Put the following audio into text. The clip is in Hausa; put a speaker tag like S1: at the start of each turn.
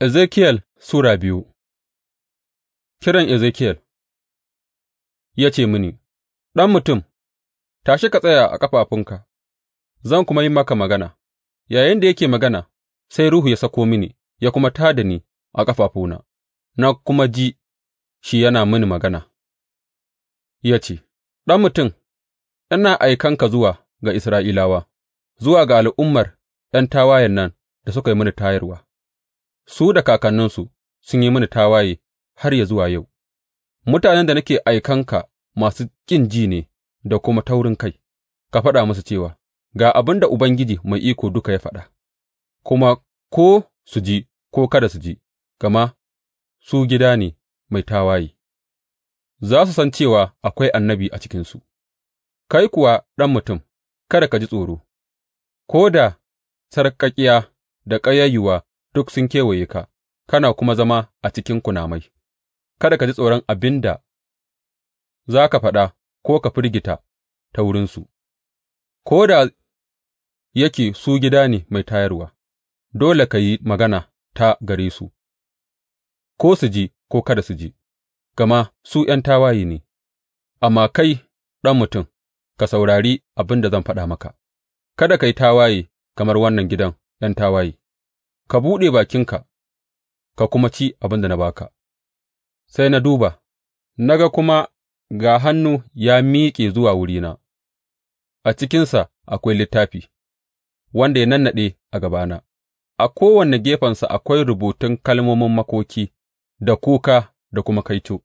S1: Ezekiyel Sura biyu Kiran Ezekiyel ya ce mini, Ɗan mutum, tashi ka tsaya a ƙafafunka, zan kuma yi maka magana, yayin da yake magana, sai Ruhu ya sako mini ya kuma tā da ni a ƙafafuna, na kuma ji shi yana mini magana, ya ce, Ɗan mutum, ina aikanka zuwa ga Isra'ilawa, zuwa ga al'ummar ’yan tawayen nan da suka yi mini tayarwa. su da kakanninsu sun yi mini tawaye har yă zuwa yau, mutanen da nake aikanka masu ƙin ji ne da kuma taurin kai, ka faɗa musu cewa, Ga abin da Ubangiji Mai Iko Duka ya faɗa, kuma ko su ji ko kada su ji, gama su gida ne mai tawaye, za su san cewa akwai annabi a cikinsu, kai kuwa ɗan mutum, kada ka ji tsoro, ko da sarƙaƙiya da ƙayayyuwa duk sun kewaye ka kana kuma zama a cikin kunamai; kada ka ji tsoron abin da za ka faɗa ko ka firgita ta wurinsu, ko da yake su gida ne mai tayarwa, dole ka yi magana ta gare su, ko su ji ko kada su ji, gama su ’yan tawaye ne, amma kai, ɗan mutum, ka saurari abin da zan faɗa maka, kada ka yi tawaye kamar wannan gidan ’yan tawaye. Ka buɗe bakinka ka kuma ci abin da na ba ka, sai na duba, na ga kuma ga hannu ya miƙe zuwa wurina, a cikinsa akwai littafi, wanda ya nannaɗe a gabana, a kowane gefensa akwai rubutun kalmomin makoki da kuka da kuma kaito.